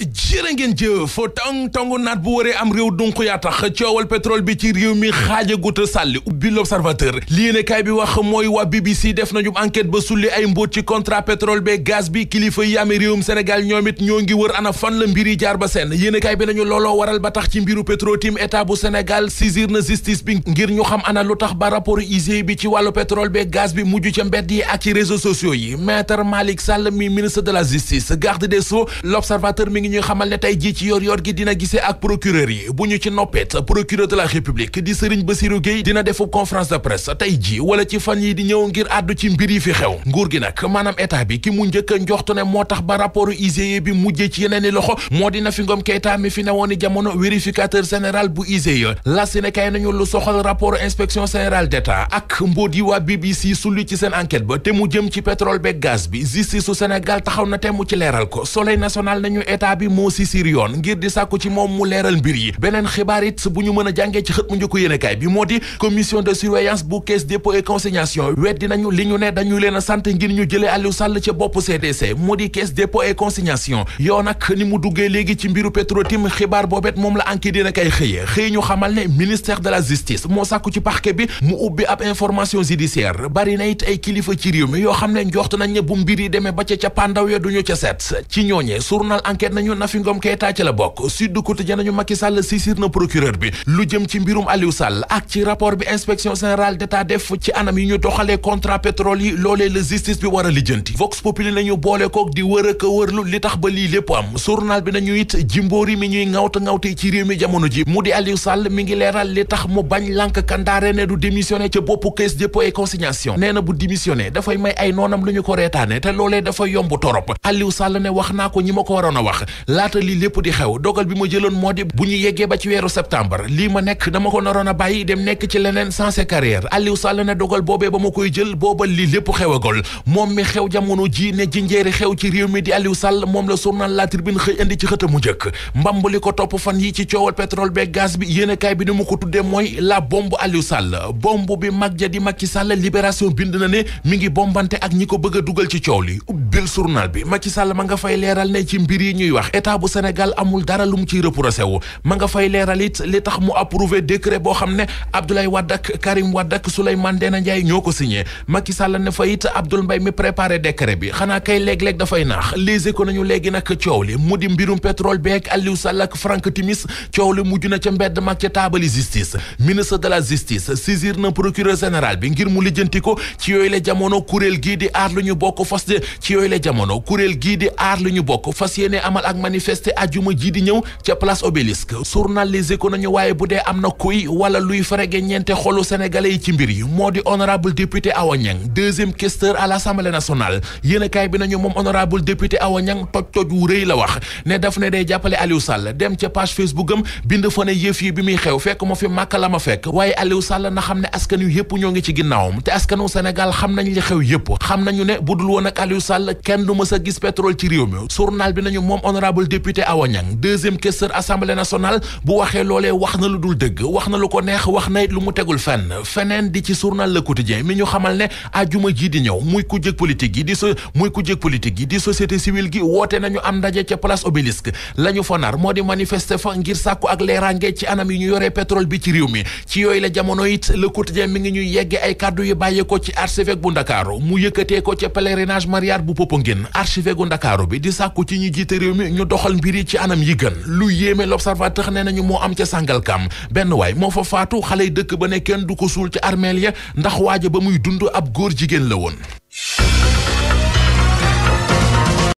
jërë ngeen jëf tong tong naat bu waree am réew dunq yaa tax coowal pétrole bi ci réew mi xaajaguta sàlli ubbi l'observateur liyéene kaay bi wax mooy waa BBC def nañu enquête ba sulli ay mbóot ci contrat pétrole be gaz bi kilifa yi amee réewum Sénégal ñoom it ñoo ngi war ana fan la mbiri jaar ba seen yéene kaay bi nañu looloo waral ba tax ci mbiru Petro-Tim état bu Sénégal saisir na justice bi ngir ñu xam ana lu tax ba rapport IGE bi ci wàllu pétrole be gaz bi mujj ca ak ci réseaux sociaux yi maître Malick Sall mi ministre mi ngi ñuy xamal ne tey jii ci yor yor gi dina gisee ak procureur yi bu ñu ci noppet procureur de la république di Serigne Bassirou Gueye dina defu conférence de presse tey ji wala ci fan yi di ñëw ngir àddu ci mbir yi fi xew nguur gi nag maanaam état bi ki mu njëkk a njoxtu ne moo tax ba rapport IGE bi mujjee ci yeneen i loxo moo dina Nafi Ngom Keïta mi fi newoon i jamono vérificateur général bu IGE la si ne kay nañu lu soxal rapport inspection générale d'état ak mbóot yi waa ci seen enquête ba te mu jëm ci pétrole beeg gaz bi justice su Sénégal taxaw na te mu ci leeral ko état bi moo si siir yoon ngir di sàkku ci moom mu leeral mbir yi beneen xibaar it bu ñu mën a jàngee ci xët mu njëkk yéenekaay bi moo di commission de surveillance bu caisse dépôt et consignation weddi nañu li ñu ne dañu leen a sant ngir ñu jëlee Aliou Sall ca bopp CDC moo di caisse dépôt et consignation yow nag ni mu duggee léegi ci mbiru Petro-Tim xibaar boobet moom la enquête dina kay xëyee xëy ñu xamal ne ministère de la justice moo sàkku ci parquet bari na kilifa ci réew yoo xam ne njort nañ ne bu demee ba ca ca pandaw nañu Nafi Ngom ci la bokk Sud Quotidien nañu Macky Sall saisir na procureur bi lu jëm ci mbirum Aliou Sall ak ci rapport bi inspection générale d'état def ci anam yi ñu doxalee contrat pétrole yi loolee la justice bi war a lijjanti Vox Populi nañu boole kook di wër ak wërlu li tax ba lii lépp am journal bi nañu it jimboori mi ñuy ŋawta ŋawte ci réew mi jamono ji mu di Aliou Sall mi ngi leeral li tax mu bañ lànk kandaare ne du démissionné ca boppu Caisse Dépôt et Consignation nee na bu démissionné dafay may ay noonam lu ñu ko laata lii lépp di xew dogal bi ma jëloon moo di bu ñu yeggee ba ci weeru septembre lii ma nekk dama ko naroon a bàyyi dem nekk ci leneen sansé carrière Aliou Sall ne dogal boobee ba ma koy jël boobal lii lépp xewagul moom mi xew jamono ji ne jinjeeri xew ci réew mi di Aliou Sall moom la journal La Tribune xëy indi ci xëtamu njëkk mbamb li ko topp fan yi ci coowal pétrole beeg gaz bi yéenekaay bi ni mu ko tuddee mooy la bomb Aliou Sall bombe bi mag ja di Macky Sall libération bind na ne mi ngi bombante ak ñi ko bëgg dugal ci coow li ubbil journal bi Macky Sall ma nga fay leeral ne ci mbir yi ñuy wax état bu Sénégal amul dara lu mu ciy reproché wu ma nga fay leeral it li tax mu approuvé décret boo xam ne Abdoulaye Wade ak Karim Wade ak Souleymane Ndéné Ndiaye ñoo ko signé Macky ne fa it Abdoul Mbaye mi préparé décret bi xanaa kay léeg-léeg dafay naax lise ko nañu léegi nag coow li mu di mbirum pétrole beeg Aliou Sall ak Franck Timis coow li mujj na ca mbedd mag ca taabali justice ministre de la justice na procureur général bi ngir mu lijjanti ko ci yooyu la jamono kuréel gii di aar li ñu bokk fas yéene amal ak manifester ajuma ji di ñëw ca place obélisque journalisé nañu waaye bu dee am na kuy wala luy farege ñeente xolu sénégalais yi ci mbir yi moo di honorable député Awa Niang deuxième questeur à l'Assemblée nationale yéenekaay bi nañu moom honorable député Awa toj toj wu rëy la wax ne daf ne day jàppale Aliou Sall dem ca page Facebook am bind fa ne yëf yi bi muy xew fekk moo fi màkk la ma fekk waaye Aliou Sall na xam xam nañ li xew yëpp xam nañu ne budul woon ak Aliou Sall kenn du mës a gis pétrole ci réew mi journal bi nañu moom honorable député Awa Niang deuxième questeur assemblée nationale bu waxee loolee wax na lu dul dëgg wax na lu ko neex wax na it lu mu tegul fenn feneen di ci journal la Quotidien mi ñu xamal ne ajuma ji di ñëw muy ku jëg politique yi di so muy ku jëg politique yi di société civile gi woote nañu am ndaje ca place Obélisque la ñu fa nar moo di manifeste fa ngir sàkku ak leerange ci anam yi ñu yoree pétrole bi ci réew mi yooyu la jamono it Le Quotidien mi ngi ñuy yegge ay kàddu yu bàyyee ko ci archevêque bu mu yëkkatee ko ca pèlerinage marial Popenguine archive gu Ndakaaru bi di sàkku ci ñu jiite réew mi ñu doxal mbir yi ci anam yi gën lu yéeme l'observateur nee nañu moo am ca Sangalkam benn waay moo fa faatu xale dëkk ba ne kenn du ko suul ci armeel ya ndax waaja ba muy dund ab góor jigéen la woon